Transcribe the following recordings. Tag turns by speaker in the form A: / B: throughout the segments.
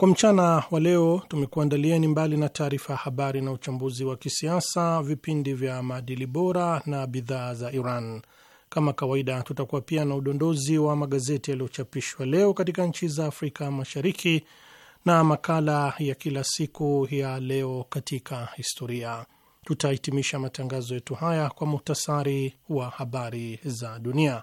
A: Kwa mchana wa leo tumekuandalieni mbali na taarifa ya habari na uchambuzi wa kisiasa, vipindi vya maadili bora na bidhaa za Iran. Kama kawaida, tutakuwa pia na udondozi wa magazeti yaliyochapishwa leo katika nchi za Afrika Mashariki na makala ya kila siku ya leo katika historia. Tutahitimisha matangazo yetu haya kwa muhtasari wa habari za dunia.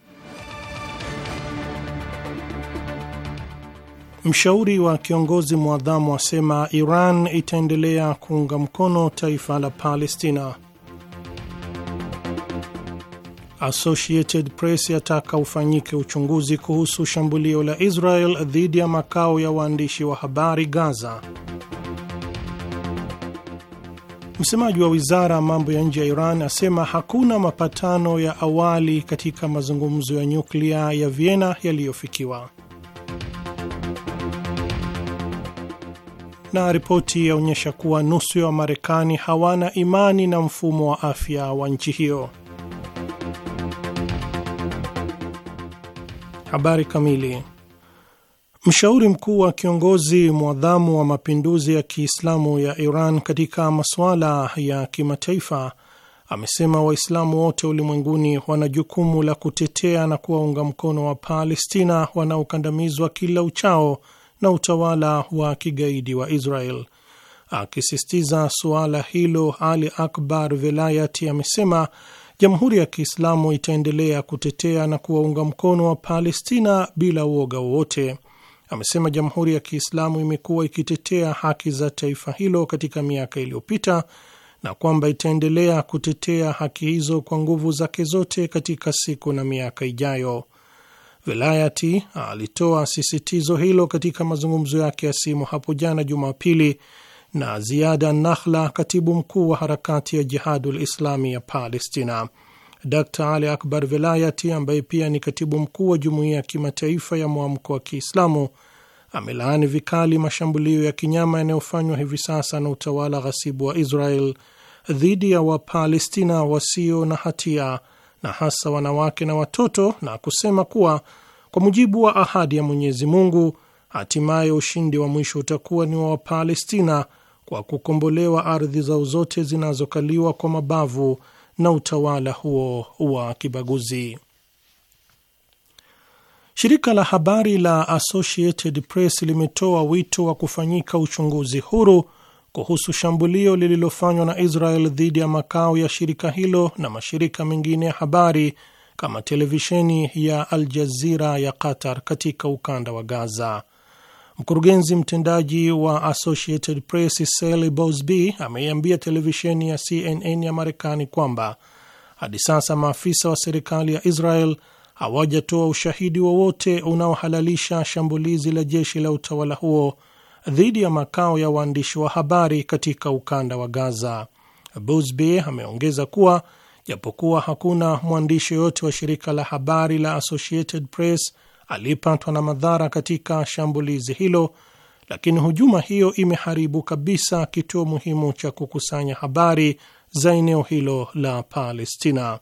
A: Mshauri wa kiongozi mwadhamu asema Iran itaendelea kuunga mkono taifa la Palestina. Associated Press yataka ufanyike uchunguzi kuhusu shambulio la Israel dhidi ya makao ya waandishi wa habari Gaza. Msemaji wa wizara ya mambo ya nje ya Iran asema hakuna mapatano ya awali katika mazungumzo ya nyuklia ya Vienna yaliyofikiwa. na ripoti yaonyesha kuwa nusu ya Wamarekani hawana imani na mfumo wa afya wa nchi hiyo. Habari kamili. Mshauri mkuu wa kiongozi mwadhamu wa mapinduzi ya Kiislamu ya Iran katika masuala ya kimataifa amesema Waislamu wote ulimwenguni wana jukumu la kutetea na kuwaunga mkono wa Palestina wanaokandamizwa kila uchao na utawala wa kigaidi wa Israel. Akisisitiza suala hilo, Ali Akbar Velayati amesema Jamhuri ya Kiislamu itaendelea kutetea na kuwaunga mkono wa Palestina bila uoga wowote. Amesema Jamhuri ya Kiislamu imekuwa ikitetea haki za taifa hilo katika miaka iliyopita na kwamba itaendelea kutetea haki hizo kwa nguvu zake zote katika siku na miaka ijayo. Velayati alitoa sisitizo hilo katika mazungumzo yake ya simu hapo jana Jumapili na Ziada Nahla, katibu mkuu wa harakati ya Jihadul Islami ya Palestina. d Ali Akbar Velayati, ambaye pia ni katibu mkuu wa jumuiya ya kimataifa ya mwamko wa Kiislamu, amelaani vikali mashambulio ya kinyama yanayofanywa hivi sasa na utawala ghasibu wa Israel dhidi ya Wapalestina wasio na hatia na hasa wanawake na watoto, na kusema kuwa kwa mujibu wa ahadi ya Mwenyezi Mungu, hatimaye ushindi wa mwisho utakuwa ni wa Wapalestina kwa kukombolewa ardhi zao zote zinazokaliwa kwa mabavu na utawala huo wa kibaguzi. Shirika la habari la Associated Press limetoa wito wa kufanyika uchunguzi huru kuhusu shambulio lililofanywa na Israel dhidi ya makao ya shirika hilo na mashirika mengine ya habari kama televisheni ya Al Jazira ya Qatar katika ukanda wa Gaza. Mkurugenzi mtendaji wa Associated Press Sally Bowlesby ameiambia televisheni ya CNN ya Marekani kwamba hadi sasa maafisa wa serikali ya Israel hawajatoa ushahidi wowote unaohalalisha shambulizi la jeshi la utawala huo dhidi ya makao ya waandishi wa habari katika ukanda wa Gaza. Busby ameongeza kuwa japokuwa hakuna mwandishi yoyote wa shirika la habari la Associated Press aliyepatwa na madhara katika shambulizi hilo, lakini hujuma hiyo imeharibu kabisa kituo muhimu cha kukusanya habari za eneo hilo la Palestina.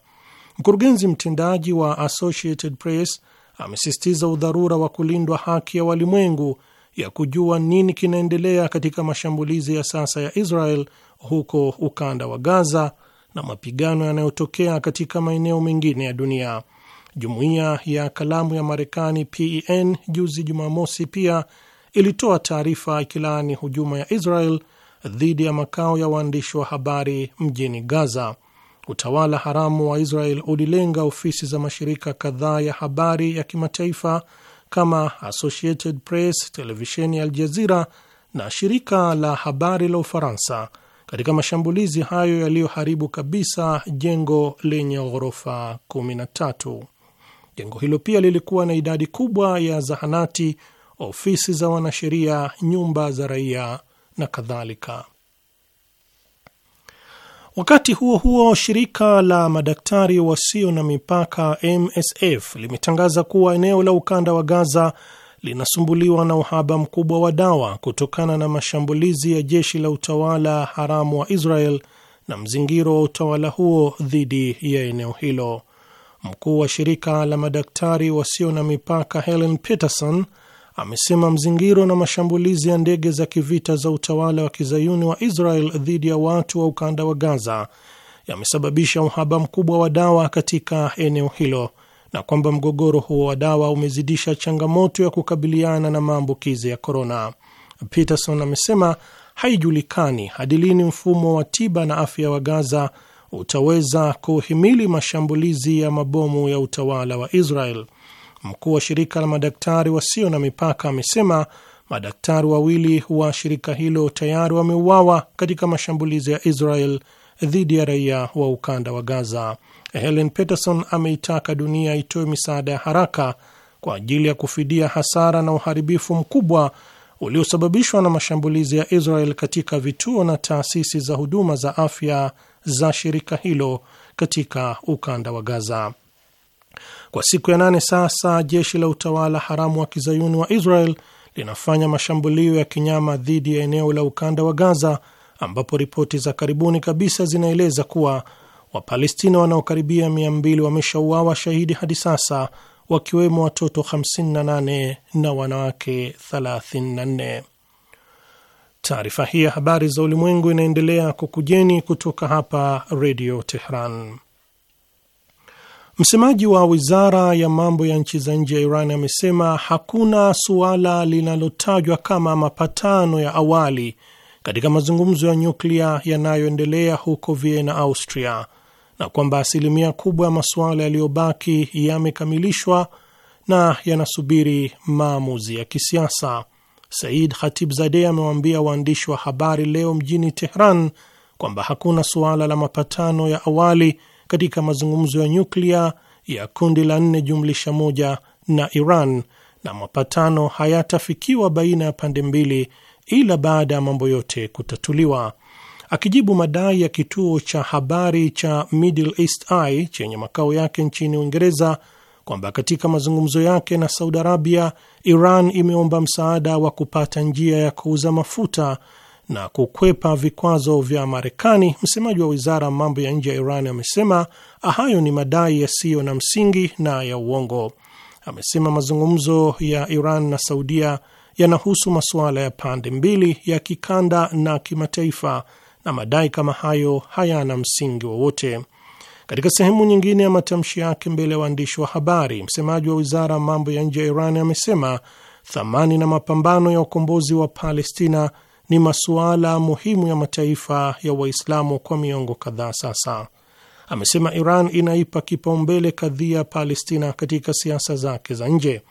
A: Mkurugenzi mtendaji wa Associated Press amesisitiza udharura wa kulindwa haki ya walimwengu ya kujua nini kinaendelea katika mashambulizi ya sasa ya Israel huko ukanda wa Gaza na mapigano yanayotokea katika maeneo mengine ya dunia. Jumuiya ya Kalamu ya Marekani PEN juzi Jumamosi pia ilitoa taarifa ikilaani hujuma ya Israel dhidi ya makao ya waandishi wa habari mjini Gaza. Utawala haramu wa Israel ulilenga ofisi za mashirika kadhaa ya habari ya kimataifa kama Associated Press, televisheni ya Aljazira na shirika la habari la Ufaransa katika mashambulizi hayo yaliyoharibu kabisa jengo lenye ghorofa 13. Jengo hilo pia lilikuwa na idadi kubwa ya zahanati, ofisi za wanasheria, nyumba za raia na kadhalika. Wakati huo huo, shirika la madaktari wasio na mipaka MSF limetangaza kuwa eneo la ukanda wa Gaza linasumbuliwa na uhaba mkubwa wa dawa kutokana na mashambulizi ya jeshi la utawala haramu wa Israel na mzingiro wa utawala huo dhidi ya eneo hilo. Mkuu wa shirika la madaktari wasio na mipaka Helen Peterson amesema mzingiro na mashambulizi ya ndege za kivita za utawala wa kizayuni wa Israel dhidi ya watu wa ukanda wa Gaza yamesababisha uhaba mkubwa wa dawa katika eneo hilo na kwamba mgogoro huo wa dawa umezidisha changamoto ya kukabiliana na maambukizi ya korona. Peterson amesema haijulikani hadi lini mfumo wa tiba na afya wa Gaza utaweza kuhimili mashambulizi ya mabomu ya utawala wa Israel. Mkuu wa shirika la madaktari wasio na mipaka amesema madaktari wawili wa shirika hilo tayari wameuawa katika mashambulizi ya Israel dhidi ya raia wa ukanda wa Gaza. Helen Peterson ameitaka dunia itoe misaada ya haraka kwa ajili ya kufidia hasara na uharibifu mkubwa uliosababishwa na mashambulizi ya Israel katika vituo na taasisi za huduma za afya za shirika hilo katika ukanda wa Gaza. Kwa siku ya nane sasa, jeshi la utawala haramu wa kizayuni wa Israel linafanya mashambulio ya kinyama dhidi ya eneo la ukanda wa Gaza, ambapo ripoti za karibuni kabisa zinaeleza kuwa Wapalestina wanaokaribia 200 wameshauawa shahidi hadi sasa, wakiwemo watoto 58 na wanawake 34. Taarifa hii ya habari za ulimwengu inaendelea kukujeni kutoka hapa Redio Tehran. Msemaji wa wizara ya mambo ya nchi za nje ya Iran amesema hakuna suala linalotajwa kama mapatano ya awali katika mazungumzo ya nyuklia yanayoendelea huko Vienna, Austria, na kwamba asilimia kubwa ya masuala yaliyobaki yamekamilishwa na yanasubiri maamuzi ya kisiasa. Said Khatibzadeh amewaambia waandishi wa habari leo mjini Tehran kwamba hakuna suala la mapatano ya awali katika mazungumzo ya nyuklia ya kundi la nne jumlisha moja na Iran, na mapatano hayatafikiwa baina ya pande mbili ila baada ya mambo yote kutatuliwa. Akijibu madai ya kituo cha habari cha Middle East Eye chenye makao yake nchini Uingereza kwamba katika mazungumzo yake na Saudi Arabia, Iran imeomba msaada wa kupata njia ya kuuza mafuta na kukwepa vikwazo vya Marekani, msemaji wa wizara ya mambo ya nje ya Iran amesema hayo ni madai yasiyo na msingi na ya uongo. Amesema mazungumzo ya Iran na Saudia yanahusu masuala ya pande mbili ya kikanda na kimataifa, na madai kama hayo hayana msingi wowote. Katika sehemu nyingine ya matamshi yake mbele ya waandishi wa habari, msemaji wa wizara ya mambo ya nje ya Iran amesema thamani na mapambano ya ukombozi wa Palestina ni masuala muhimu ya mataifa ya Waislamu kwa miongo kadhaa sasa. Amesema Iran inaipa kipaumbele kadhia Palestina katika siasa zake za nje.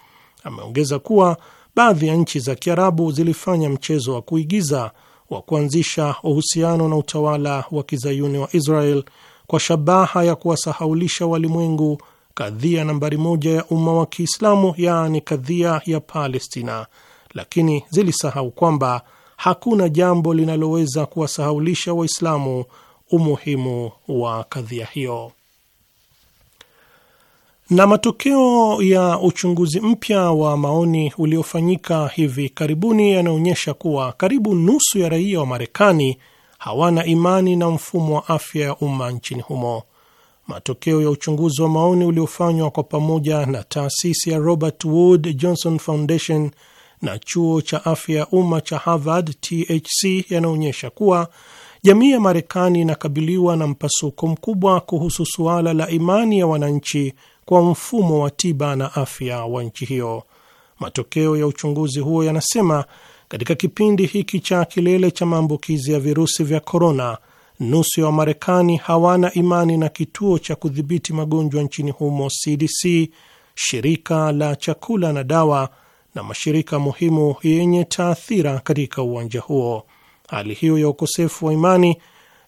A: Ameongeza kuwa baadhi ya nchi za Kiarabu zilifanya mchezo wa kuigiza wa kuanzisha uhusiano na utawala wa kizayuni wa Israel kwa shabaha ya kuwasahaulisha walimwengu kadhia nambari moja ya umma wa Kiislamu, yaani kadhia ya Palestina, lakini zilisahau kwamba hakuna jambo linaloweza kuwasahaulisha Waislamu umuhimu wa kadhia hiyo. Na matokeo ya uchunguzi mpya wa maoni uliofanyika hivi karibuni yanaonyesha kuwa karibu nusu ya raia wa Marekani hawana imani na mfumo wa afya ya umma nchini humo. Matokeo ya uchunguzi wa maoni uliofanywa kwa pamoja na taasisi ya Robert Wood Johnson Foundation na chuo cha afya ya umma cha Harvard THC yanaonyesha kuwa jamii ya Marekani inakabiliwa na mpasuko mkubwa kuhusu suala la imani ya wananchi kwa mfumo wa tiba na afya wa nchi hiyo. Matokeo ya uchunguzi huo yanasema katika kipindi hiki cha kilele cha maambukizi ya virusi vya korona, nusu ya Wamarekani hawana imani na kituo cha kudhibiti magonjwa nchini humo CDC, shirika la chakula na dawa na mashirika muhimu yenye taathira katika uwanja huo. Hali hiyo ya ukosefu wa imani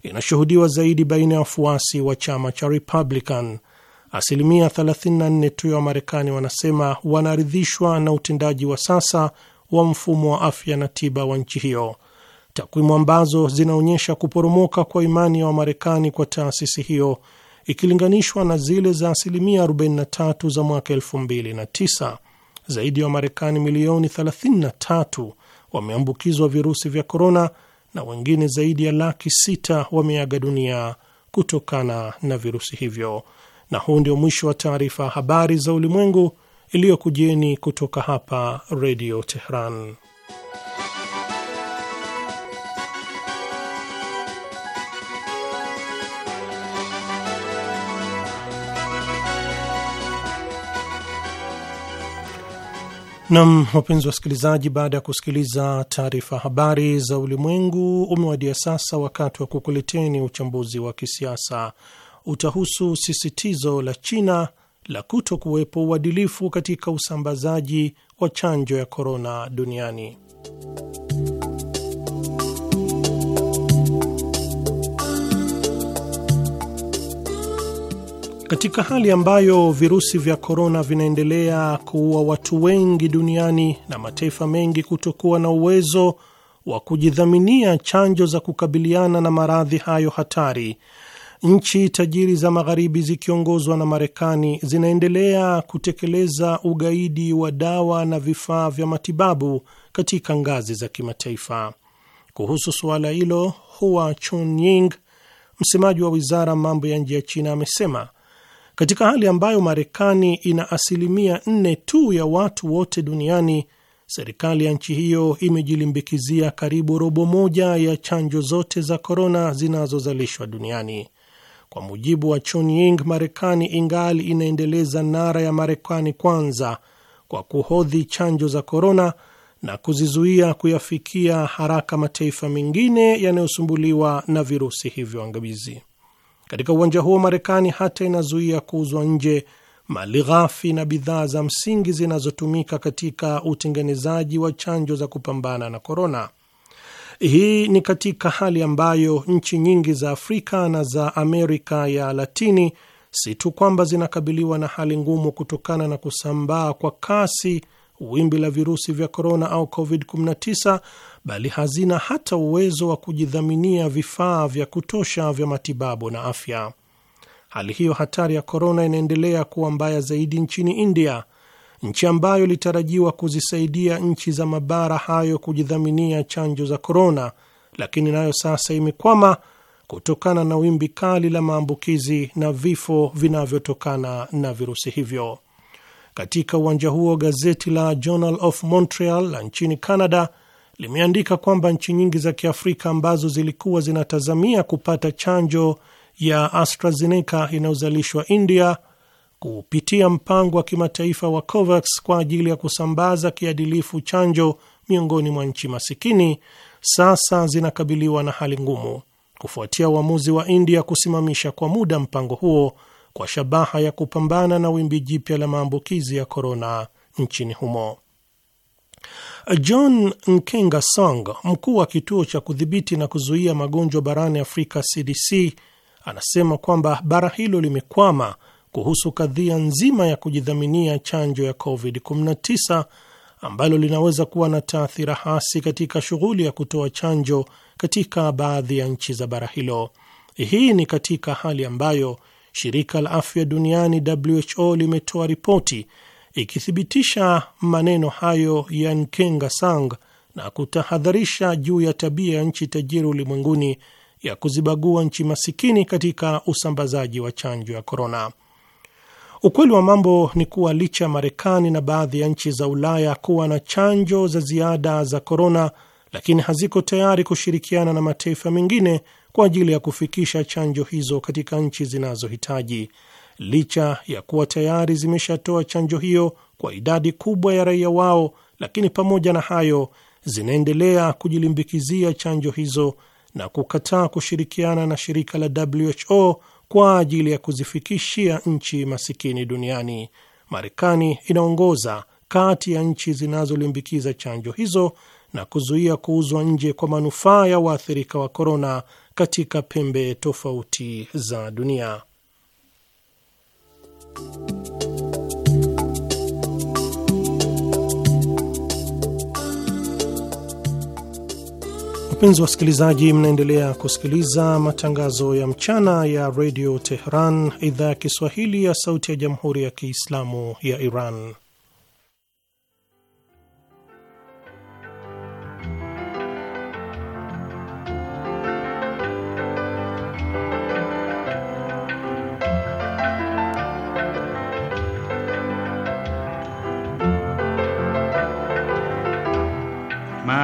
A: inashuhudiwa zaidi baina ya wafuasi wa chama cha Republican. Asilimia 34 tu ya Wamarekani wanasema wanaridhishwa na utendaji wa sasa wa mfumo wa afya na tiba wa nchi hiyo, takwimu ambazo zinaonyesha kuporomoka kwa imani ya Wamarekani kwa taasisi hiyo ikilinganishwa na zile za asilimia 43 za mwaka 2009 zaidi ya Wamarekani milioni 33 wameambukizwa virusi vya korona na wengine zaidi ya laki st wameaga dunia kutokana na virusi hivyo. Na huu ndio mwisho wa taarifa ya habari za ulimwengu iliyokujieni kutoka hapa Redio Tehran. Nam, wapenzi wasikilizaji, baada ya kusikiliza taarifa habari za ulimwengu, umewadia sasa wakati wa kukuleteni uchambuzi wa kisiasa. Utahusu sisitizo la China la kuto kuwepo uadilifu katika usambazaji wa chanjo ya korona duniani. Katika hali ambayo virusi vya korona vinaendelea kuua watu wengi duniani na mataifa mengi kutokuwa na uwezo wa kujidhaminia chanjo za kukabiliana na maradhi hayo hatari, nchi tajiri za Magharibi zikiongozwa na Marekani zinaendelea kutekeleza ugaidi wa dawa na vifaa vya matibabu katika ngazi za kimataifa. Kuhusu suala hilo, Hua Chunying, msemaji wa wizara mambo ya nje ya China, amesema katika hali ambayo Marekani ina asilimia nne tu ya watu wote duniani. Serikali ya nchi hiyo imejilimbikizia karibu robo moja ya chanjo zote za korona zinazozalishwa duniani. Kwa mujibu wa Chunying, Marekani ingali inaendeleza nara ya Marekani kwanza kwa kuhodhi chanjo za korona na kuzizuia kuyafikia haraka mataifa mengine yanayosumbuliwa na virusi hivyo angamizi. Katika uwanja huo, Marekani hata inazuia kuuzwa nje mali ghafi na bidhaa za msingi zinazotumika katika utengenezaji wa chanjo za kupambana na korona. Hii ni katika hali ambayo nchi nyingi za Afrika na za Amerika ya Latini si tu kwamba zinakabiliwa na hali ngumu kutokana na kusambaa kwa kasi wimbi la virusi vya korona au COVID-19, bali hazina hata uwezo wa kujidhaminia vifaa vya kutosha vya matibabu na afya. Hali hiyo hatari ya korona inaendelea kuwa mbaya zaidi nchini India, nchi ambayo ilitarajiwa kuzisaidia nchi za mabara hayo kujidhaminia chanjo za korona, lakini nayo sasa imekwama kutokana na wimbi kali la maambukizi na vifo vinavyotokana na virusi hivyo. Katika uwanja huo gazeti la Journal of Montreal la nchini Canada limeandika kwamba nchi nyingi za Kiafrika ambazo zilikuwa zinatazamia kupata chanjo ya AstraZeneca inayozalishwa India kupitia mpango wa kimataifa wa COVAX kwa ajili ya kusambaza kiadilifu chanjo miongoni mwa nchi masikini sasa zinakabiliwa na hali ngumu kufuatia uamuzi wa India kusimamisha kwa muda mpango huo kwa shabaha ya kupambana na wimbi jipya la maambukizi ya korona nchini humo. John Nkenga Song, mkuu wa kituo cha kudhibiti na kuzuia magonjwa barani Afrika CDC, anasema kwamba bara hilo limekwama kuhusu kadhia nzima ya kujidhaminia chanjo ya COVID-19 ambalo linaweza kuwa na taathira hasi katika shughuli ya kutoa chanjo katika baadhi ya nchi za bara hilo. Hii ni katika hali ambayo Shirika la Afya Duniani WHO limetoa ripoti ikithibitisha maneno hayo ya Nkenga Sang na kutahadharisha juu ya tabia ya nchi tajiri ulimwenguni ya kuzibagua nchi masikini katika usambazaji wa chanjo ya korona. Ukweli wa mambo ni kuwa licha ya Marekani na baadhi ya nchi za Ulaya kuwa na chanjo za ziada za korona, lakini haziko tayari kushirikiana na mataifa mengine kwa ajili ya kufikisha chanjo hizo katika nchi zinazohitaji, licha ya kuwa tayari zimeshatoa chanjo hiyo kwa idadi kubwa ya raia wao, lakini pamoja na hayo zinaendelea kujilimbikizia chanjo hizo na kukataa kushirikiana na shirika la WHO kwa ajili ya kuzifikishia nchi masikini duniani. Marekani inaongoza kati ya nchi zinazolimbikiza chanjo hizo na kuzuia kuuzwa nje kwa manufaa ya waathirika wa korona katika pembe tofauti za dunia. Wapenzi wasikilizaji, mnaendelea kusikiliza matangazo ya mchana ya redio Tehran, idhaa ya Kiswahili ya sauti ya jamhuri ya Kiislamu ya Iran.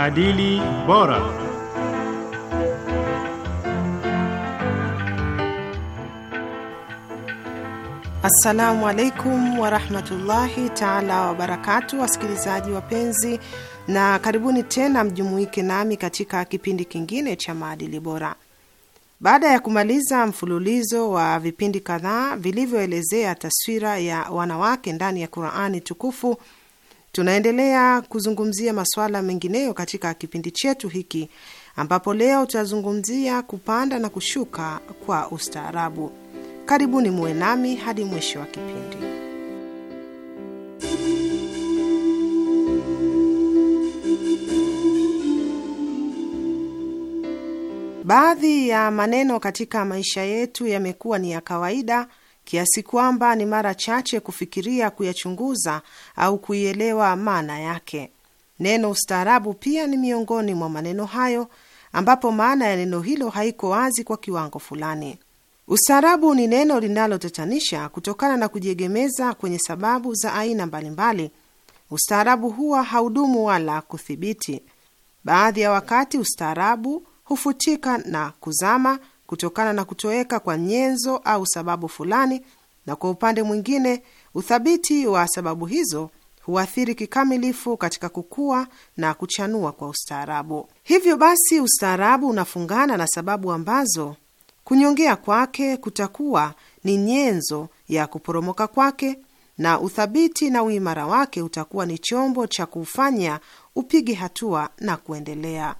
B: Maadili Bora.
C: Assalamu alaikum warahmatullahi taala wabarakatu, wasikilizaji wapenzi, na karibuni tena mjumuike nami katika kipindi kingine cha maadili bora. Baada ya kumaliza mfululizo wa vipindi kadhaa vilivyoelezea taswira ya wanawake ndani ya Qurani tukufu Tunaendelea kuzungumzia masuala mengineyo katika kipindi chetu hiki ambapo leo tutazungumzia kupanda na kushuka kwa ustaarabu. Karibuni muwe nami hadi mwisho wa kipindi. Baadhi ya maneno katika maisha yetu yamekuwa ni ya kawaida kiasi kwamba ni mara chache kufikiria kuyachunguza au kuielewa maana yake. Neno ustaarabu pia ni miongoni mwa maneno hayo, ambapo maana ya neno hilo haiko wazi kwa kiwango fulani. Ustaarabu ni neno linalotatanisha kutokana na kujiegemeza kwenye sababu za aina mbalimbali. Ustaarabu huwa haudumu wala kuthibiti. Baadhi ya wakati ustaarabu hufutika na kuzama kutokana na kutoweka kwa nyenzo au sababu fulani, na kwa upande mwingine uthabiti wa sababu hizo huathiri kikamilifu katika kukua na kuchanua kwa ustaarabu. Hivyo basi, ustaarabu unafungana na sababu ambazo kunyongea kwake kutakuwa ni nyenzo ya kuporomoka kwake, na uthabiti na uimara wake utakuwa ni chombo cha kuufanya upige hatua na kuendelea.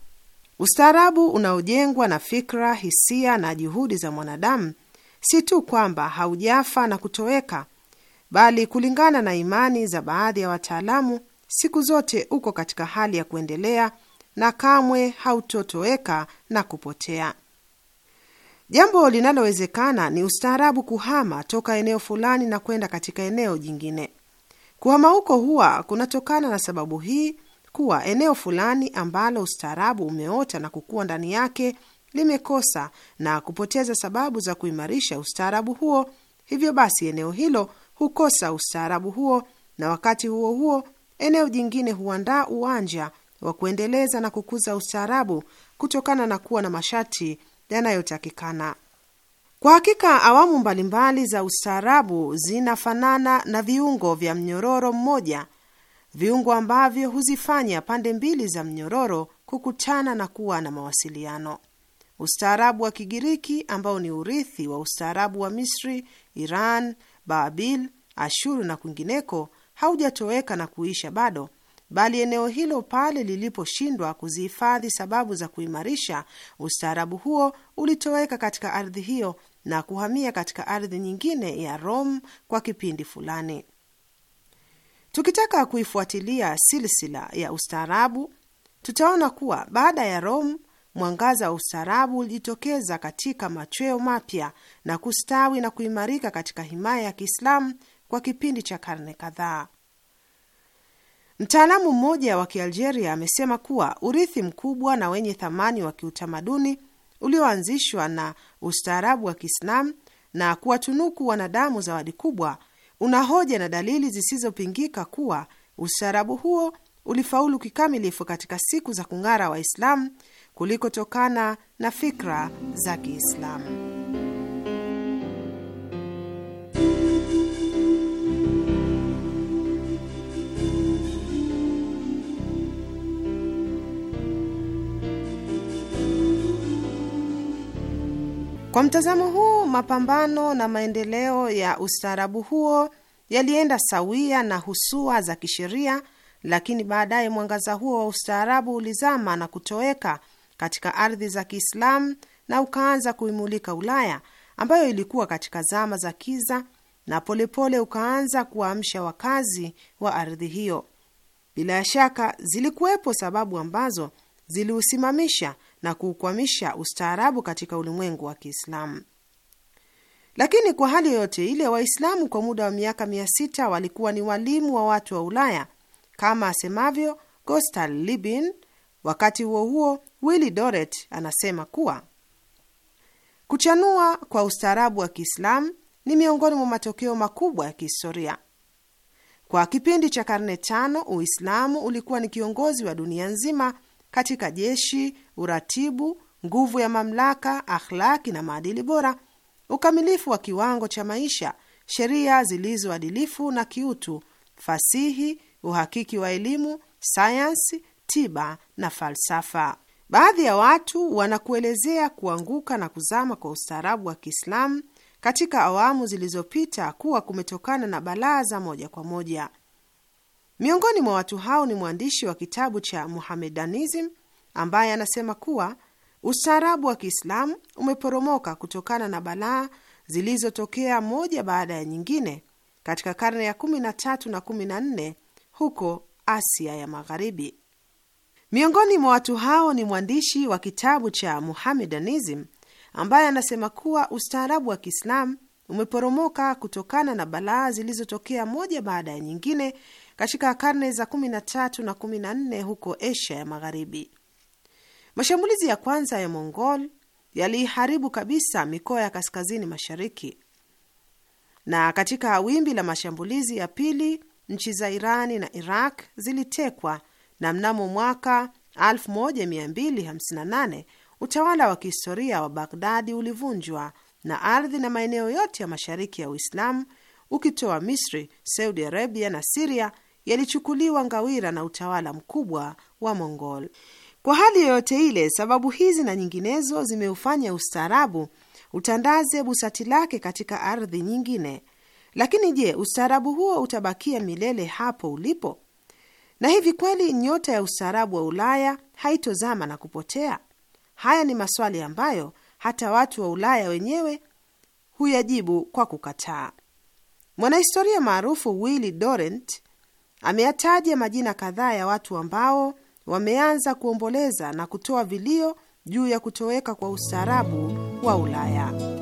C: Ustaarabu unaojengwa na fikra, hisia na juhudi za mwanadamu si tu kwamba haujafa na kutoweka, bali kulingana na imani za baadhi ya wataalamu, siku zote uko katika hali ya kuendelea na kamwe hautotoweka na kupotea. Jambo linalowezekana ni ustaarabu kuhama toka eneo fulani na kwenda katika eneo jingine. Kuhama huko huwa kunatokana na sababu hii kuwa eneo fulani ambalo ustaarabu umeota na kukua ndani yake limekosa na kupoteza sababu za kuimarisha ustaarabu huo, hivyo basi eneo hilo hukosa ustaarabu huo, na wakati huo huo eneo jingine huandaa uwanja wa kuendeleza na kukuza ustaarabu kutokana na kuwa na masharti yanayotakikana. Kwa hakika awamu mbalimbali za ustaarabu zinafanana na viungo vya mnyororo mmoja viungo ambavyo huzifanya pande mbili za mnyororo kukutana na kuwa na mawasiliano. Ustaarabu wa Kigiriki ambao ni urithi wa ustaarabu wa Misri, Iran, Baabil, Ashuru na kwingineko haujatoweka na kuisha bado, bali eneo hilo pale liliposhindwa kuzihifadhi sababu za kuimarisha ustaarabu huo, ulitoweka katika ardhi hiyo na kuhamia katika ardhi nyingine ya Rome kwa kipindi fulani. Tukitaka kuifuatilia silsila ya ustaarabu, tutaona kuwa baada ya Rome mwangaza wa ustaarabu ulijitokeza katika machweo mapya na kustawi na kuimarika katika himaya ya Kiislamu kwa kipindi cha karne kadhaa. Mtaalamu mmoja wa Kialgeria amesema kuwa urithi mkubwa na wenye thamani wa kiutamaduni ulioanzishwa na ustaarabu wa Kiislamu na kuwatunuku wanadamu zawadi kubwa una hoja na dalili zisizopingika kuwa ustaarabu huo ulifaulu kikamilifu katika siku za kung'ara Waislamu kulikotokana na fikra za Kiislamu. Kwa mtazamo huu, mapambano na maendeleo ya ustaarabu huo yalienda sawia na husua za kisheria, lakini baadaye mwangaza huo wa ustaarabu ulizama na kutoweka katika ardhi za Kiislamu na ukaanza kuimulika Ulaya ambayo ilikuwa katika zama za kiza, na polepole ukaanza kuwaamsha wakazi wa ardhi hiyo. Bila shaka zilikuwepo sababu ambazo ziliusimamisha na kuukwamisha ustaarabu katika ulimwengu wa Kiislamu. Lakini kwa hali yoyote ile, Waislamu kwa muda wa miaka mia sita walikuwa ni walimu wa watu wa Ulaya kama asemavyo Gostal Libin. Wakati huo huo, Willi Doret anasema kuwa kuchanua kwa ustaarabu wa Kiislamu ni miongoni mwa matokeo makubwa ya kihistoria. Kwa kipindi cha karne tano Uislamu ulikuwa ni kiongozi wa dunia nzima katika jeshi, uratibu, nguvu ya mamlaka, akhlaki na maadili bora, ukamilifu wa kiwango cha maisha, sheria zilizoadilifu na kiutu, fasihi, uhakiki wa elimu, sayansi, tiba na falsafa. Baadhi ya watu wanakuelezea kuanguka na kuzama kwa ustaarabu wa Kiislamu katika awamu zilizopita kuwa kumetokana na balaa za moja kwa moja, Miongoni mwa watu hao ni mwandishi wa kitabu cha Muhamedanism ambaye anasema kuwa ustaarabu wa Kiislamu umeporomoka kutokana na balaa zilizotokea moja baada ya nyingine katika karne ya 13 na 14 huko Asia ya Magharibi. Miongoni mwa watu hao ni mwandishi wa kitabu cha Muhamedanism ambaye anasema kuwa ustaarabu wa Kiislamu umeporomoka kutokana na balaa zilizotokea moja baada ya nyingine katika karne za 13 na 14 huko Asia ya Magharibi. Mashambulizi ya kwanza ya Mongol yaliharibu kabisa mikoa ya kaskazini mashariki, na katika wimbi la mashambulizi ya pili nchi za Irani na Iraq zilitekwa, na mnamo mwaka 1258 utawala wa kihistoria wa Bagdadi ulivunjwa na ardhi na maeneo yote ya mashariki ya Uislamu ukitoa Misri, Saudi Arabia na Siria yalichukuliwa ngawira na utawala mkubwa wa Mongol. Kwa hali yoyote ile, sababu hizi na nyinginezo zimeufanya ustaarabu utandaze busati lake katika ardhi nyingine. Lakini je, ustaarabu huo utabakia milele hapo ulipo? Na hivi kweli nyota ya ustaarabu wa Ulaya haitozama na kupotea? Haya ni maswali ambayo hata watu wa Ulaya wenyewe huyajibu kwa kukataa. Mwanahistoria maarufu Willi Dorent Ameyataja majina kadhaa ya watu ambao wameanza kuomboleza na kutoa vilio juu ya kutoweka kwa ustaarabu wa Ulaya.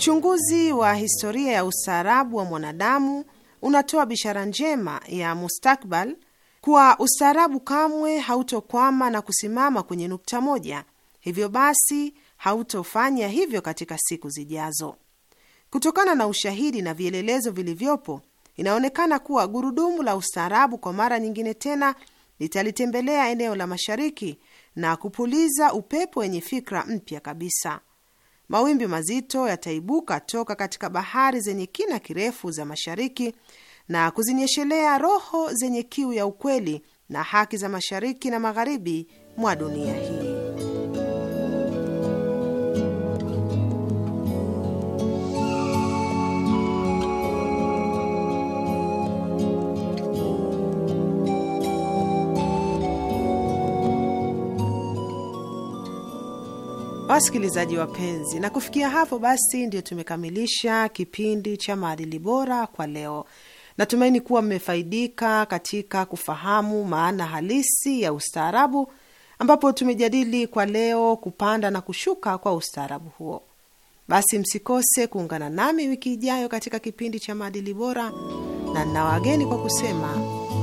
C: Uchunguzi wa historia ya ustaarabu wa mwanadamu unatoa bishara njema ya mustakbal kuwa ustaarabu kamwe hautokwama na kusimama kwenye nukta moja, hivyo basi hautofanya hivyo katika siku zijazo. Kutokana na ushahidi na vielelezo vilivyopo, inaonekana kuwa gurudumu la ustaarabu kwa mara nyingine tena litalitembelea eneo la mashariki na kupuliza upepo wenye fikra mpya kabisa mawimbi mazito yataibuka toka katika bahari zenye kina kirefu za mashariki na kuzinyeshelea roho zenye kiu ya ukweli na haki za mashariki na magharibi mwa dunia hii. Wasikilizaji wapenzi, na kufikia hapo basi ndio tumekamilisha kipindi cha maadili bora kwa leo. Natumaini kuwa mmefaidika katika kufahamu maana halisi ya ustaarabu, ambapo tumejadili kwa leo kupanda na kushuka kwa ustaarabu huo. Basi msikose kuungana nami wiki ijayo katika kipindi cha maadili bora, na nawageni kwa kusema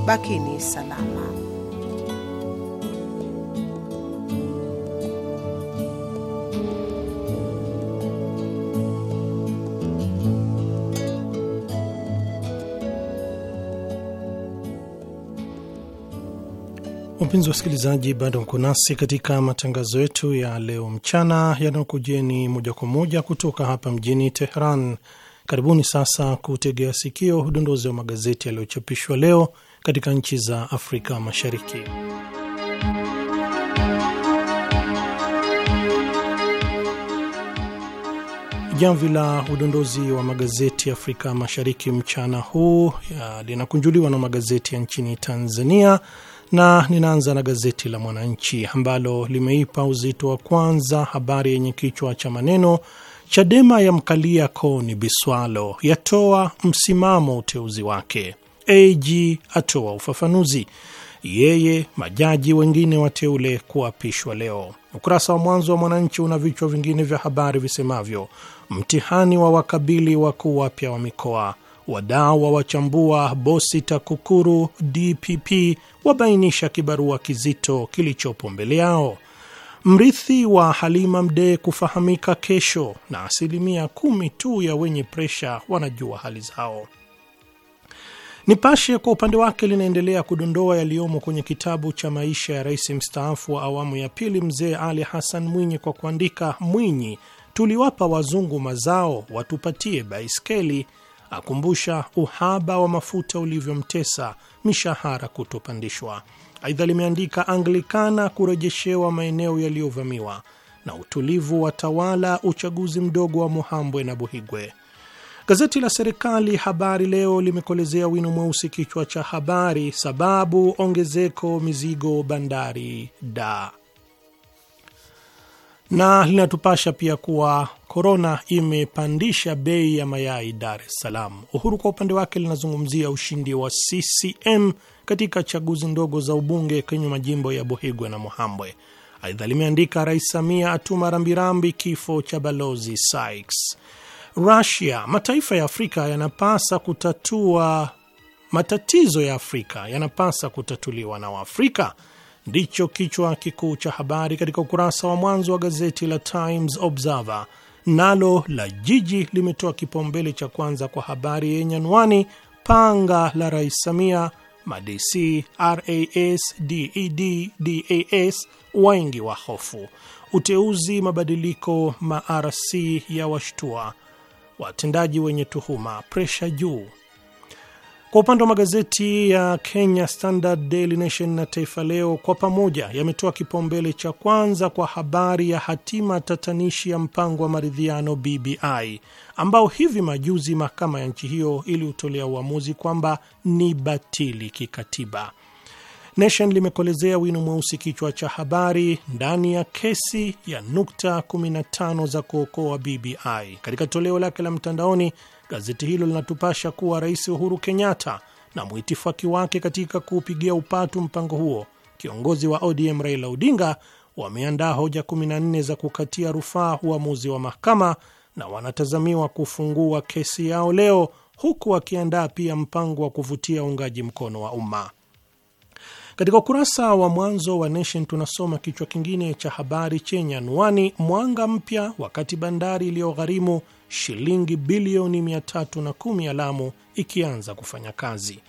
C: bakini salama.
A: Wapenzi wasikilizaji, bado mko nasi katika matangazo yetu ya leo mchana yanayokujeni moja kwa moja kutoka hapa mjini Tehran. Karibuni sasa kutegea sikio udondozi wa magazeti yaliyochapishwa leo katika nchi za Afrika Mashariki. Jamvi la udondozi wa magazeti Afrika Mashariki mchana huu linakunjuliwa na magazeti ya nchini Tanzania na ninaanza na gazeti la Mwananchi ambalo limeipa uzito wa kwanza habari yenye kichwa cha maneno Chadema yamkalia Koni Biswalo, yatoa msimamo uteuzi wake, AG atoa ufafanuzi, yeye majaji wengine wateule kuapishwa leo. Ukurasa wa mwanzo wa Mwananchi una vichwa vingine vya habari visemavyo: mtihani wa wakabili wakuu wapya wa mikoa wadau wa wachambua bosi TAKUKURU DPP wabainisha kibarua kizito kilichopo mbele yao. Mrithi wa Halima Mdee kufahamika kesho, na asilimia kumi tu ya wenye presha wanajua hali zao. Nipashe kwa upande wake linaendelea kudondoa yaliyomo kwenye kitabu cha maisha ya rais mstaafu wa awamu ya pili Mzee Ali Hassan Mwinyi kwa kuandika, Mwinyi, tuliwapa wazungu mazao watupatie baiskeli akumbusha uhaba wa mafuta ulivyomtesa, mishahara kutopandishwa. Aidha limeandika Anglikana kurejeshewa maeneo yaliyovamiwa na utulivu wa tawala, uchaguzi mdogo wa Mohambwe na Buhigwe. Gazeti la serikali Habari Leo limekolezea wino mweusi kichwa cha habari, sababu ongezeko mizigo bandari da na linatupasha pia kuwa korona imepandisha bei ya mayai Dar es Salaam. Uhuru kwa upande wake linazungumzia ushindi wa CCM katika chaguzi ndogo za ubunge kwenye majimbo ya bohigwe na Mohambwe. Aidha limeandika Rais Samia atuma rambirambi kifo cha balozi Sykes. Rusia, mataifa ya Afrika yanapasa kutatua matatizo ya Afrika yanapasa kutatuliwa na Waafrika ndicho kichwa kikuu cha habari katika ukurasa wa mwanzo wa gazeti la Times Observer. Nalo la Jiji limetoa kipaumbele cha kwanza kwa habari yenye anwani panga la Rais Samia, madc ras ded das wengi wa hofu, uteuzi mabadiliko marc ya washtua, watendaji wenye tuhuma, presha juu kwa upande wa magazeti ya Kenya, Standard, Daily Nation na Taifa Leo kwa pamoja yametoa kipaumbele cha kwanza kwa habari ya hatima tatanishi ya mpango wa maridhiano BBI ambao hivi majuzi mahakama ya nchi hiyo iliutolea uamuzi kwamba ni batili kikatiba. Nation limekolezea wino mweusi kichwa cha habari, ndani ya kesi ya nukta 15 za kuokoa BBI. Katika toleo lake la mtandaoni Gazeti hilo linatupasha kuwa Rais Uhuru Kenyatta na mwitifaki wake katika kuupigia upatu mpango huo, kiongozi wa ODM Raila Odinga, wameandaa hoja 14 za kukatia rufaa uamuzi wa mahakama na wanatazamiwa kufungua kesi yao leo, huku wakiandaa pia mpango wa kuvutia uungaji mkono wa umma. Katika ukurasa wa mwanzo wa Nation tunasoma kichwa kingine cha habari chenye anwani mwanga mpya wakati bandari iliyogharimu shilingi bilioni 310 ya Lamu ikianza kufanya kazi.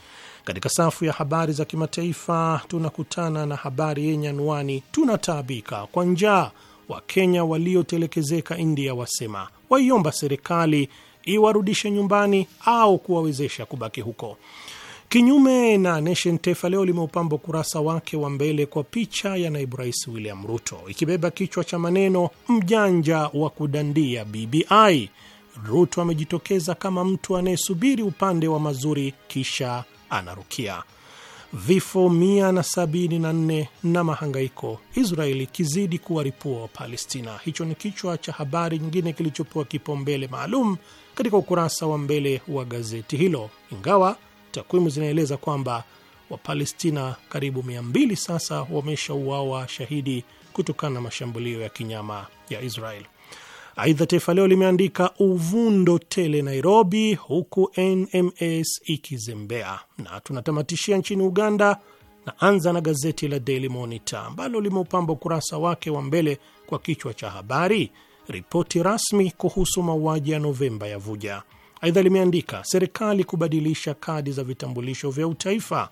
A: Katika safu ya habari za kimataifa, tunakutana na habari yenye anwani tunataabika kwa njaa, Wakenya waliotelekezeka India wasema, waiomba serikali iwarudishe nyumbani au kuwawezesha kubaki huko. Kinyume na Nation, Taifa Leo limeupamba ukurasa wake wa mbele kwa picha ya naibu rais William Ruto ikibeba kichwa cha maneno mjanja wa kudandia BBI. Ruto amejitokeza kama mtu anayesubiri upande wa mazuri kisha anarukia. Vifo 174 na, na mahangaiko, Israeli kizidi kuwaripua Wapalestina. Hicho ni kichwa cha habari nyingine kilichopewa kipaumbele maalum katika ukurasa wa mbele wa gazeti hilo, ingawa takwimu zinaeleza kwamba Wapalestina karibu 200 sasa wameshauawa shahidi kutokana na mashambulio ya kinyama ya Israeli. Aidha, Taifa Leo limeandika uvundo tele Nairobi, huku NMS ikizembea. Na tunatamatishia nchini Uganda na anza na gazeti la Daily Monitor ambalo limeupamba ukurasa wake wa mbele kwa kichwa cha habari, ripoti rasmi kuhusu mauaji ya Novemba ya vuja. Aidha limeandika serikali kubadilisha kadi za vitambulisho vya utaifa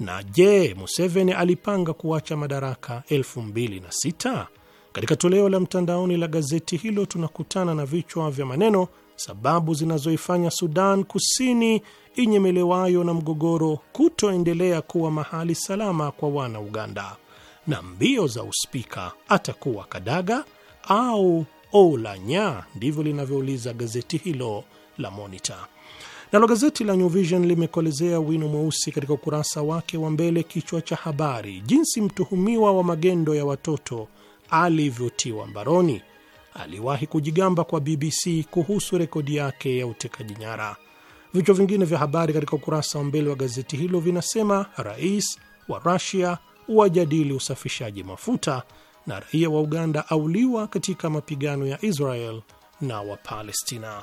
A: na je, Museveni alipanga kuacha madaraka 26 katika toleo la mtandaoni la gazeti hilo tunakutana na vichwa vya maneno: sababu zinazoifanya Sudan Kusini inyemelewayo na mgogoro kutoendelea kuwa mahali salama kwa wana Uganda, na mbio za uspika, atakuwa Kadaga au nya Ndivyo linavyouliza gazeti hilo la Monitor. Nalo gazeti la New Vision limekolezea wino mweusi katika ukurasa wake wa mbele, kichwa cha habari, jinsi mtuhumiwa wa magendo ya watoto alivyotiwa mbaroni. Aliwahi kujigamba kwa BBC kuhusu rekodi yake ya utekaji nyara. Vichwa vingine vya habari katika ukurasa wa mbele wa gazeti hilo vinasema: rais wa Rusia wajadili usafishaji mafuta, na raia wa Uganda auliwa katika mapigano ya Israel na Wapalestina.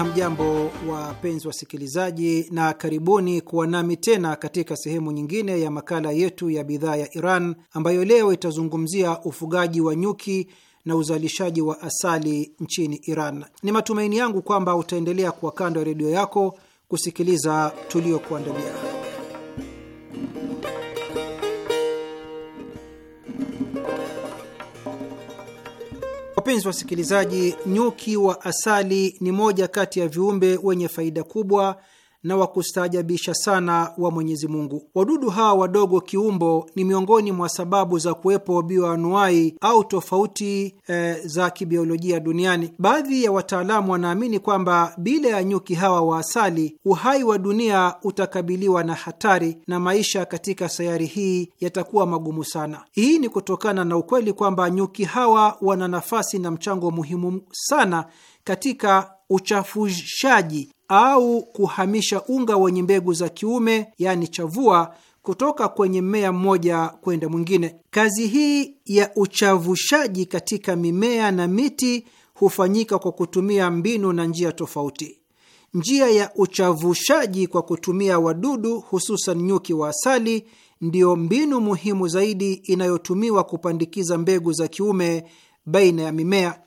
D: Hamjambo, wapenzi wasikilizaji, na karibuni kuwa nami tena katika sehemu nyingine ya makala yetu ya bidhaa ya Iran ambayo leo itazungumzia ufugaji wa nyuki na uzalishaji wa asali nchini Iran. Ni matumaini yangu kwamba utaendelea kuwa kando ya redio yako kusikiliza tuliokuandalia. Wapenzi wasikilizaji, nyuki wa asali ni moja kati ya viumbe wenye faida kubwa na wa kustaajabisha sana wa Mwenyezi Mungu. Wadudu hawa wadogo kiumbo ni miongoni mwa sababu za kuwepo bioanuai au tofauti e, za kibiolojia duniani. Baadhi ya wataalamu wanaamini kwamba bila ya nyuki hawa wa asali, uhai wa dunia utakabiliwa na hatari na maisha katika sayari hii yatakuwa magumu sana. Hii ni kutokana na ukweli kwamba nyuki hawa wana nafasi na mchango muhimu sana katika uchafushaji au kuhamisha unga wenye mbegu za kiume, yaani chavua, kutoka kwenye mmea mmoja kwenda mwingine. Kazi hii ya uchavushaji katika mimea na miti hufanyika kwa kutumia mbinu na njia tofauti. Njia ya uchavushaji kwa kutumia wadudu, hususan nyuki wa asali, ndiyo mbinu muhimu zaidi inayotumiwa kupandikiza mbegu za kiume baina ya mimea.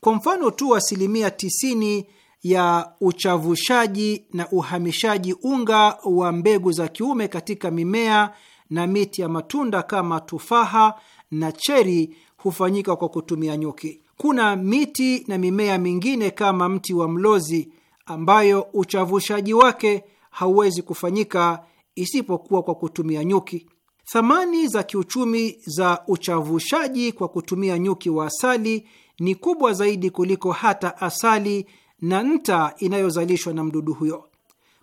D: Kwa mfano tu, asilimia 90 ya uchavushaji na uhamishaji unga wa mbegu za kiume katika mimea na miti ya matunda kama tufaha na cheri hufanyika kwa kutumia nyuki. Kuna miti na mimea mingine kama mti wa mlozi ambayo uchavushaji wake hauwezi kufanyika isipokuwa kwa kutumia nyuki. Thamani za kiuchumi za uchavushaji kwa kutumia nyuki wa asali ni kubwa zaidi kuliko hata asali na nta inayozalishwa na mdudu huyo.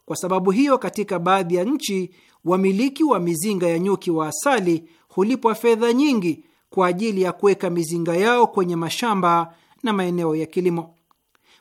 D: Kwa sababu hiyo, katika baadhi ya nchi wamiliki wa mizinga ya nyuki wa asali hulipwa fedha nyingi kwa ajili ya kuweka mizinga yao kwenye mashamba na maeneo ya kilimo.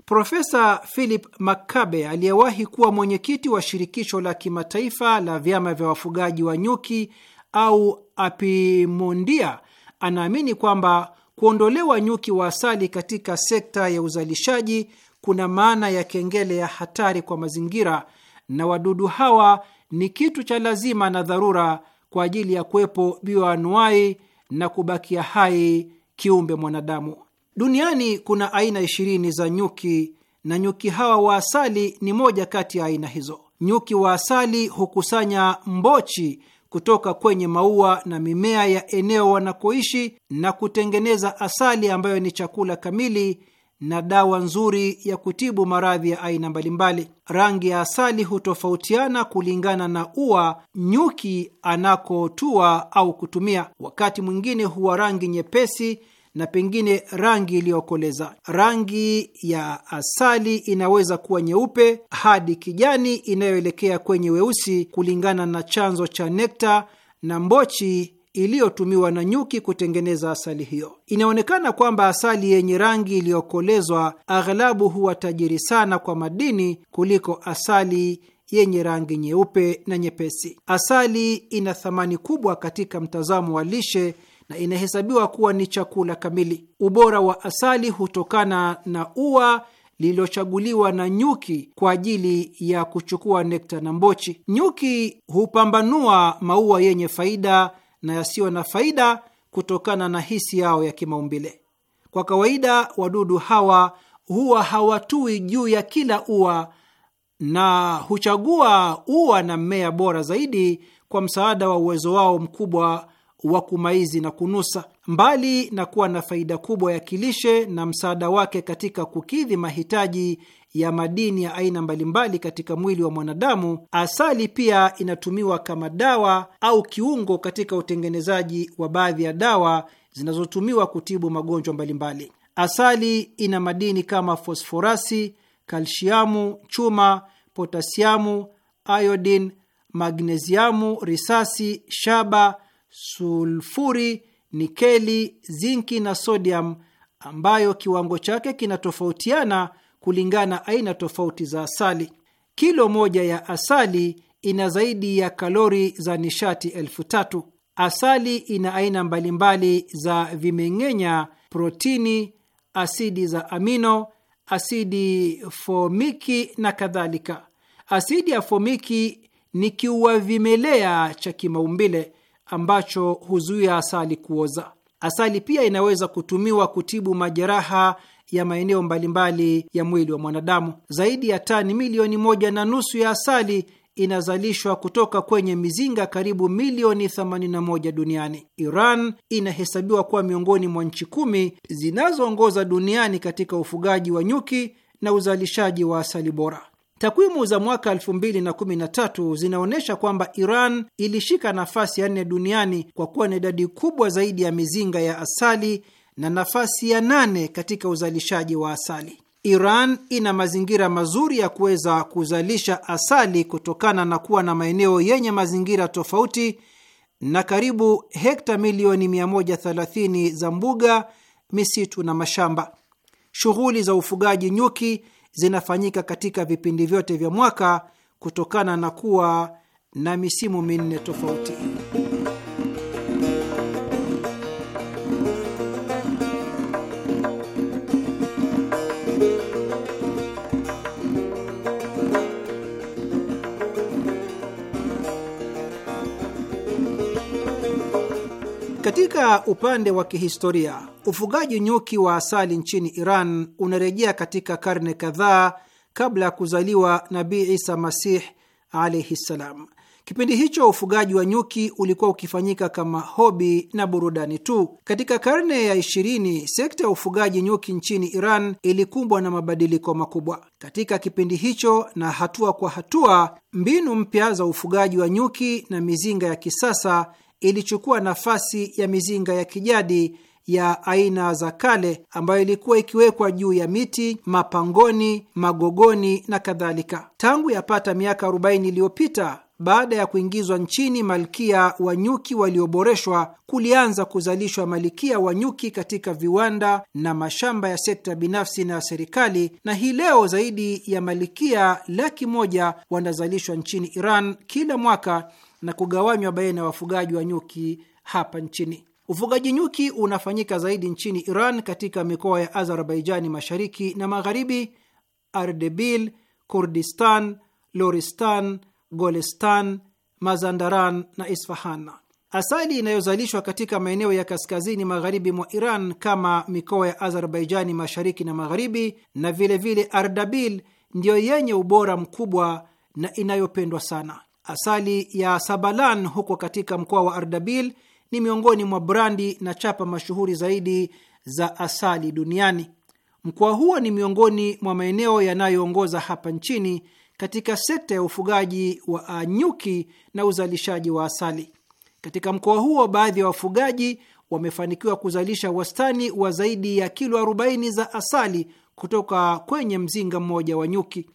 D: Profesa Philip Makabe aliyewahi kuwa mwenyekiti wa shirikisho la kimataifa la vyama vya wafugaji wa nyuki au Apimondia anaamini kwamba kuondolewa nyuki wa asali katika sekta ya uzalishaji kuna maana ya kengele ya hatari kwa mazingira, na wadudu hawa ni kitu cha lazima na dharura kwa ajili ya kuwepo bioanuai na kubakia hai kiumbe mwanadamu. Duniani kuna aina ishirini za nyuki na nyuki hawa wa asali ni moja kati ya aina hizo. Nyuki wa asali hukusanya mbochi kutoka kwenye maua na mimea ya eneo wanakoishi na kutengeneza asali ambayo ni chakula kamili na dawa nzuri ya kutibu maradhi ya aina mbalimbali. Rangi ya asali hutofautiana kulingana na ua nyuki anakotua au kutumia. Wakati mwingine huwa rangi nyepesi na pengine rangi iliyokoleza. Rangi ya asali inaweza kuwa nyeupe hadi kijani inayoelekea kwenye weusi kulingana na chanzo cha nekta na mbochi iliyotumiwa na nyuki kutengeneza asali hiyo. Inaonekana kwamba asali yenye rangi iliyokolezwa aghalabu huwa tajiri sana kwa madini kuliko asali yenye rangi nyeupe na nyepesi. Asali ina thamani kubwa katika mtazamo wa lishe na inahesabiwa kuwa ni chakula kamili. Ubora wa asali hutokana na ua lililochaguliwa na nyuki kwa ajili ya kuchukua nekta na mbochi. Nyuki hupambanua maua yenye faida na yasiyo na faida kutokana na hisi yao ya kimaumbile. Kwa kawaida, wadudu hawa huwa hawatui juu ya kila ua na huchagua ua na mmea bora zaidi kwa msaada wa uwezo wao mkubwa wa kumaizi na kunusa. Mbali na kuwa na faida kubwa ya kilishe na msaada wake katika kukidhi mahitaji ya madini ya aina mbalimbali katika mwili wa mwanadamu, asali pia inatumiwa kama dawa au kiungo katika utengenezaji wa baadhi ya dawa zinazotumiwa kutibu magonjwa mbalimbali. Asali ina madini kama fosforasi, kalsiamu, chuma, potasiamu, iodin magneziamu, risasi, shaba sulfuri, nikeli, zinki na sodium, ambayo kiwango chake kinatofautiana kulingana aina tofauti za asali. Kilo moja ya asali ina zaidi ya kalori za nishati elfu tatu. Asali ina aina mbalimbali za vimeng'enya, protini, asidi za amino, asidi fomiki na kadhalika. Asidi ya fomiki ni vimelea cha kimaumbile ambacho huzuia asali kuoza. Asali pia inaweza kutumiwa kutibu majeraha ya maeneo mbalimbali ya mwili wa mwanadamu. Zaidi ya tani milioni moja na nusu ya asali inazalishwa kutoka kwenye mizinga karibu milioni 81 duniani. Iran inahesabiwa kuwa miongoni mwa nchi kumi zinazoongoza duniani katika ufugaji wa nyuki na uzalishaji wa asali bora. Takwimu za mwaka 2013 zinaonyesha kwamba Iran ilishika nafasi ya nne duniani kwa kuwa na idadi kubwa zaidi ya mizinga ya asali na nafasi ya nane katika uzalishaji wa asali. Iran ina mazingira mazuri ya kuweza kuzalisha asali kutokana na kuwa na maeneo yenye mazingira tofauti na karibu hekta milioni 130 za mbuga, misitu na mashamba. Shughuli za ufugaji nyuki zinafanyika katika vipindi vyote vya mwaka kutokana na kuwa na misimu minne tofauti. Katika upande wa kihistoria, ufugaji nyuki wa asali nchini Iran unarejea katika karne kadhaa kabla ya kuzaliwa Nabii Isa Masih alaihi ssalam. Kipindi hicho ufugaji wa nyuki ulikuwa ukifanyika kama hobi na burudani tu. Katika karne ya ishirini, sekta ya ufugaji nyuki nchini Iran ilikumbwa na mabadiliko makubwa. Katika kipindi hicho na hatua kwa hatua, mbinu mpya za ufugaji wa nyuki na mizinga ya kisasa ilichukua nafasi ya mizinga ya kijadi ya aina za kale ambayo ilikuwa ikiwekwa juu ya miti, mapangoni, magogoni na kadhalika. Tangu yapata miaka 40 iliyopita, baada ya kuingizwa nchini malkia wa nyuki walioboreshwa, kulianza kuzalishwa malkia wa nyuki katika viwanda na mashamba ya sekta binafsi na serikali, na hii leo zaidi ya malkia laki moja wanazalishwa nchini Iran kila mwaka na kugawanywa baina ya wafugaji wa nyuki hapa nchini. Ufugaji nyuki unafanyika zaidi nchini Iran, katika mikoa ya Azerbaijani mashariki na magharibi, Ardebil, Kurdistan, Loristan, Golestan, Mazandaran na Isfahan. Asali inayozalishwa katika maeneo ya kaskazini magharibi mwa Iran kama mikoa ya Azerbaijani mashariki na magharibi na vilevile vile Ardabil ndiyo yenye ubora mkubwa na inayopendwa sana. Asali ya Sabalan huko katika mkoa wa Ardabil ni miongoni mwa brandi na chapa mashuhuri zaidi za asali duniani. Mkoa huo ni miongoni mwa maeneo yanayoongoza hapa nchini katika sekta ya ufugaji wa nyuki na uzalishaji wa asali. Katika mkoa huo, baadhi ya wafugaji wamefanikiwa kuzalisha wastani wa zaidi ya kilo 40 za asali kutoka kwenye mzinga mmoja wa nyuki.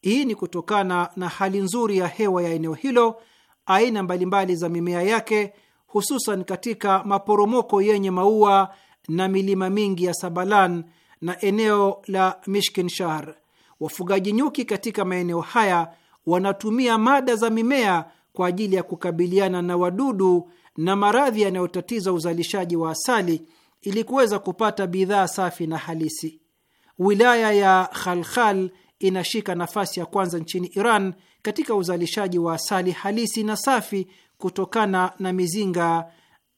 D: Hii ni kutokana na hali nzuri ya hewa ya eneo hilo, aina mbalimbali za mimea yake, hususan katika maporomoko yenye maua na milima mingi ya Sabalan na eneo la Mishkinshar. Wafugaji nyuki katika maeneo haya wanatumia mada za mimea kwa ajili ya kukabiliana na wadudu na maradhi yanayotatiza uzalishaji wa asali ili kuweza kupata bidhaa safi na halisi. Wilaya ya Khalkhal inashika nafasi ya kwanza nchini Iran katika uzalishaji wa asali halisi na safi kutokana na mizinga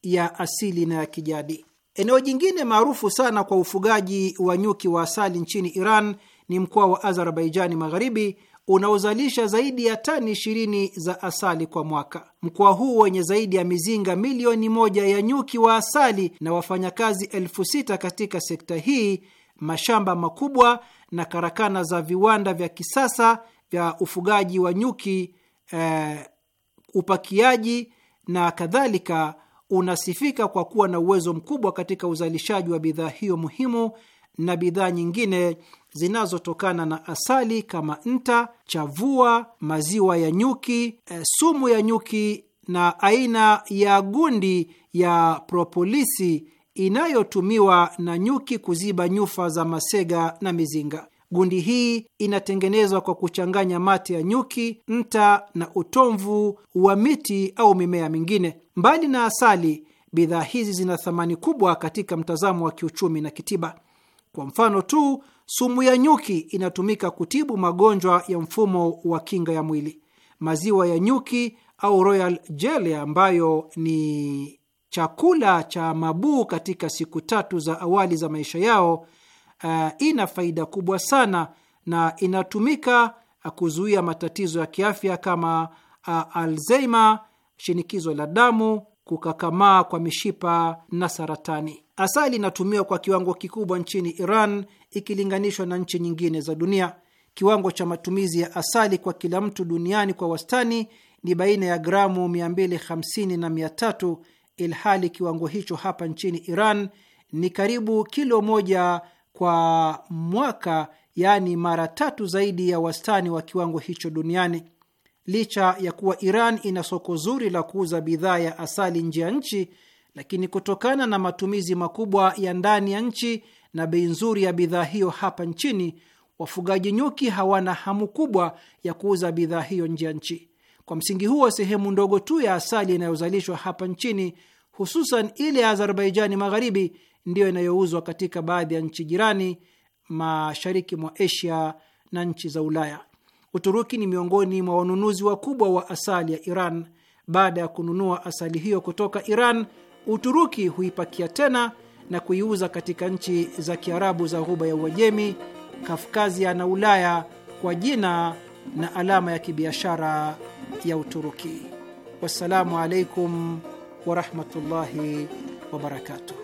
D: ya asili na ya kijadi. Eneo jingine maarufu sana kwa ufugaji wa nyuki wa asali nchini Iran ni mkoa wa Azerbaijani Magharibi unaozalisha zaidi ya tani ishirini za asali kwa mwaka. Mkoa huu wenye zaidi ya mizinga milioni moja ya nyuki wa asali na wafanyakazi elfu sita katika sekta hii, mashamba makubwa na karakana za viwanda vya kisasa vya ufugaji wa nyuki eh, upakiaji na kadhalika, unasifika kwa kuwa na uwezo mkubwa katika uzalishaji wa bidhaa hiyo muhimu na bidhaa nyingine zinazotokana na asali kama nta, chavua, maziwa ya nyuki, eh, sumu ya nyuki na aina ya gundi ya propolisi inayotumiwa na nyuki kuziba nyufa za masega na mizinga. Gundi hii inatengenezwa kwa kuchanganya mate ya nyuki, nta na utomvu wa miti au mimea mingine. Mbali na asali, bidhaa hizi zina thamani kubwa katika mtazamo wa kiuchumi na kitiba. Kwa mfano tu, sumu ya nyuki inatumika kutibu magonjwa ya mfumo wa kinga ya mwili. Maziwa ya nyuki au royal jelly ambayo ni chakula cha mabuu katika siku tatu za awali za maisha yao uh, ina faida kubwa sana na inatumika uh, kuzuia matatizo ya kiafya kama uh, Alzheimer, shinikizo la damu, kukakamaa kwa mishipa na saratani. Asali inatumiwa kwa kiwango kikubwa nchini Iran ikilinganishwa na nchi nyingine za dunia. Kiwango cha matumizi ya asali kwa kila mtu duniani kwa wastani ni baina ya gramu 250 na ilhali kiwango hicho hapa nchini Iran ni karibu kilo moja kwa mwaka, yaani mara tatu zaidi ya wastani wa kiwango hicho duniani. Licha ya kuwa Iran ina soko zuri la kuuza bidhaa ya asali nje ya nchi, lakini kutokana na matumizi makubwa ya ndani ya nchi na bei nzuri ya bidhaa hiyo hapa nchini, wafugaji nyuki hawana hamu kubwa ya kuuza bidhaa hiyo nje ya nchi. Kwa msingi huo, sehemu ndogo tu ya asali inayozalishwa hapa nchini, hususan ile ya Azerbaijani Magharibi, ndiyo inayouzwa katika baadhi ya nchi jirani mashariki mwa Asia na nchi za Ulaya. Uturuki ni miongoni mwa wanunuzi wakubwa wa asali ya Iran. Baada ya kununua asali hiyo kutoka Iran, Uturuki huipakia tena na kuiuza katika nchi za Kiarabu za Ghuba ya Uajemi, Kafkazia na Ulaya kwa jina na alama ya kibiashara ya Uturuki. Wassalamu alaikum warahmatullahi wabarakatuh.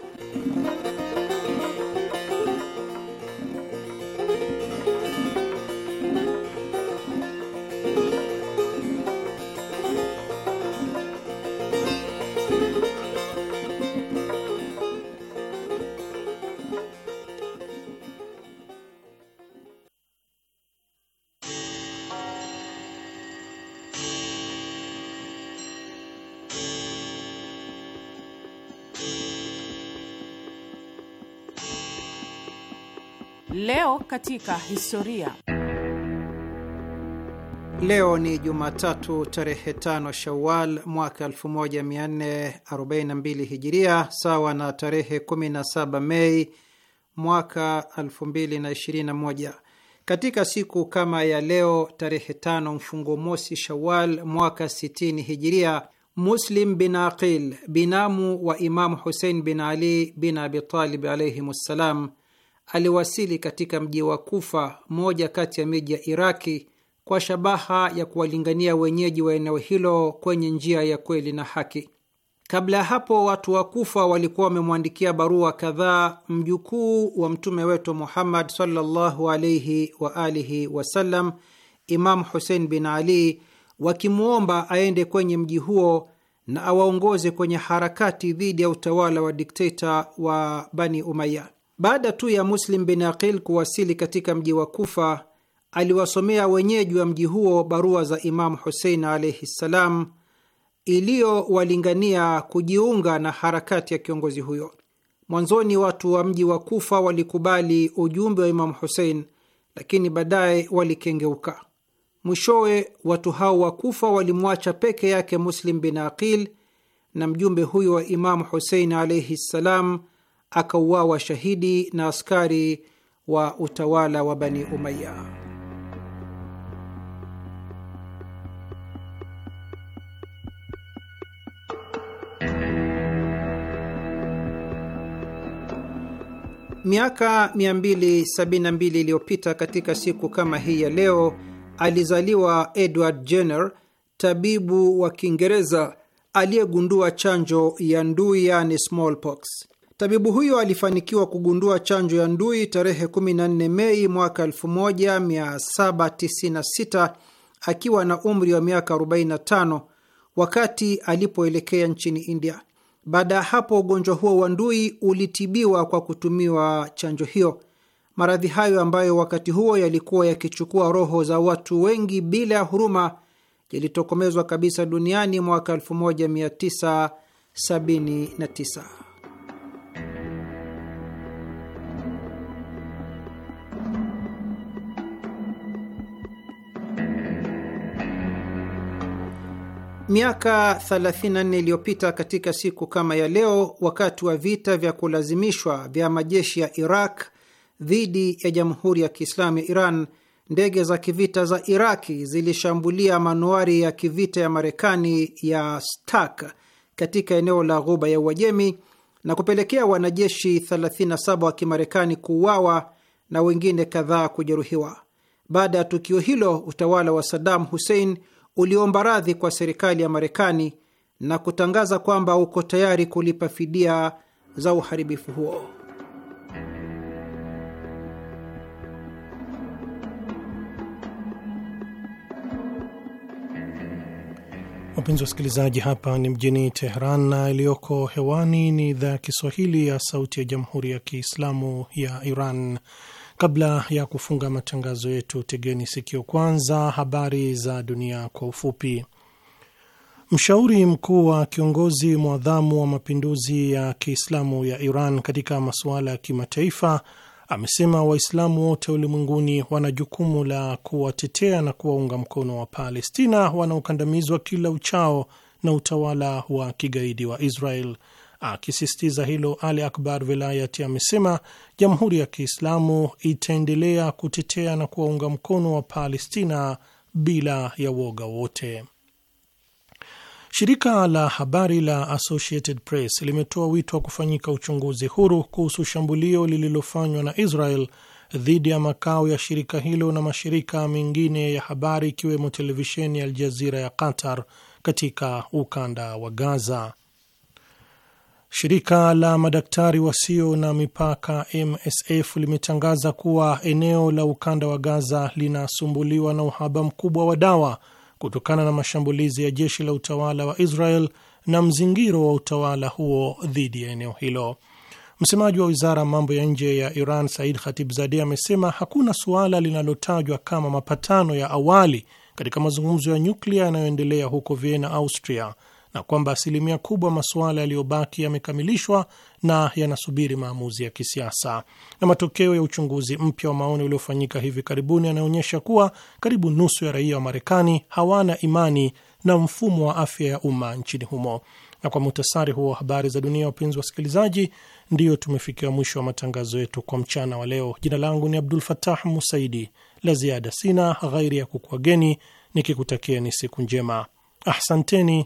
C: Leo katika historia.
D: Leo ni Jumatatu tarehe tano Shawal mwaka 1442 Hijiria, sawa na tarehe 17 Mei mwaka 2021. Katika siku kama ya leo tarehe tano mfungo mosi Shawal mwaka 60 Hijiria, Muslim bin Aqil, binamu wa Imamu Husein bin Ali bin Abitalib alaihim ssalam aliwasili katika mji wa Kufa, moja kati ya miji ya Iraki, kwa shabaha ya kuwalingania wenyeji wa eneo hilo kwenye njia ya kweli na haki. Kabla ya hapo watu wa Kufa walikuwa wamemwandikia barua kadhaa mjukuu wa mtume wetu Muhammad sallallahu alaihi wa alihi wasallam, Imamu Husein bin Ali, wakimwomba aende kwenye mji huo na awaongoze kwenye harakati dhidi ya utawala wa dikteta wa Bani Umaya. Baada tu ya Muslim bin Aqil kuwasili katika mji wa Kufa, aliwasomea wenyeji wa mji huo barua za Imamu Husein alaihi ssalam, iliyowalingania kujiunga na harakati ya kiongozi huyo. Mwanzoni watu wa mji wa Kufa walikubali ujumbe wa Imamu Husein, lakini baadaye walikengeuka. Mwishowe watu hao wa Kufa walimwacha peke yake Muslim bin Aqil na mjumbe huyo wa Imamu Husein alaihi ssalam akauawa shahidi na askari wa utawala wa Bani Umaya. Miaka 272 iliyopita katika siku kama hii ya leo alizaliwa Edward Jenner, tabibu wa Kiingereza aliyegundua chanjo ya ndui, yani smallpox. Tabibu huyo alifanikiwa kugundua chanjo ya ndui tarehe 14 Mei mwaka 1796 akiwa na umri wa miaka 45 wakati alipoelekea nchini India. Baada ya hapo, ugonjwa huo wa ndui ulitibiwa kwa kutumiwa chanjo hiyo. Maradhi hayo ambayo wakati huo yalikuwa yakichukua roho za watu wengi bila ya huruma yalitokomezwa kabisa duniani mwaka 1979. Miaka 34 iliyopita katika siku kama ya leo, wakati wa vita vya kulazimishwa vya majeshi ya Iraq dhidi ya Jamhuri ya Kiislamu ya Iran, ndege za kivita za Iraki zilishambulia manuari ya kivita ya Marekani ya Stark katika eneo la Ghuba ya Uajemi na kupelekea wanajeshi 37 wa Kimarekani kuuawa na wengine kadhaa kujeruhiwa. Baada ya tukio hilo, utawala wa Saddam Hussein uliomba radhi kwa serikali ya Marekani na kutangaza kwamba uko tayari kulipa fidia za uharibifu huo.
A: Wapenzi wasikilizaji, hapa ni mjini Teheran na iliyoko hewani ni idhaa ya Kiswahili ya Sauti ya Jamhuri ya Kiislamu ya Iran. Kabla ya kufunga matangazo yetu, tegeni sikio kwanza habari za dunia kwa ufupi. Mshauri mkuu wa kiongozi mwadhamu wa mapinduzi ya Kiislamu ya Iran katika masuala ya kimataifa amesema Waislamu wote ulimwenguni wana jukumu la kuwatetea na kuwaunga mkono wa Palestina wanaokandamizwa kila uchao na utawala wa kigaidi wa Israel. Akisisitiza hilo, Ali Akbar Velayati amesema jamhuri ya Kiislamu itaendelea kutetea na kuwaunga mkono wa Palestina bila ya woga wote. Shirika la habari la Associated Press limetoa wito wa kufanyika uchunguzi huru kuhusu shambulio lililofanywa na Israel dhidi ya makao ya shirika hilo na mashirika mengine ya habari ikiwemo televisheni ya Aljazira ya Qatar katika ukanda wa Gaza. Shirika la madaktari wasio na mipaka MSF limetangaza kuwa eneo la ukanda wa Gaza linasumbuliwa na uhaba mkubwa wa dawa kutokana na mashambulizi ya jeshi la utawala wa Israel na mzingiro wa utawala huo dhidi ya eneo hilo. Msemaji wa wizara ya mambo ya nje ya Iran Said Khatibzadeh amesema hakuna suala linalotajwa kama mapatano ya awali katika mazungumzo ya nyuklia yanayoendelea huko Vienna, Austria na kwamba asilimia kubwa masuala yaliyobaki yamekamilishwa na yanasubiri maamuzi ya kisiasa. Na matokeo ya uchunguzi mpya wa maoni uliofanyika hivi karibuni yanaonyesha kuwa karibu nusu ya raia wa Marekani hawana imani na mfumo wa afya ya umma nchini humo. Na kwa muhtasari huo wa habari za dunia, wapenzi wasikilizaji, ndiyo tumefikia mwisho wa matangazo yetu kwa mchana wa leo. Jina langu ni Abdul Fatah Musaidi. La ziada sina ghairi ya kukuageni ni siku njema. Ahsanteni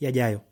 B: yajayo.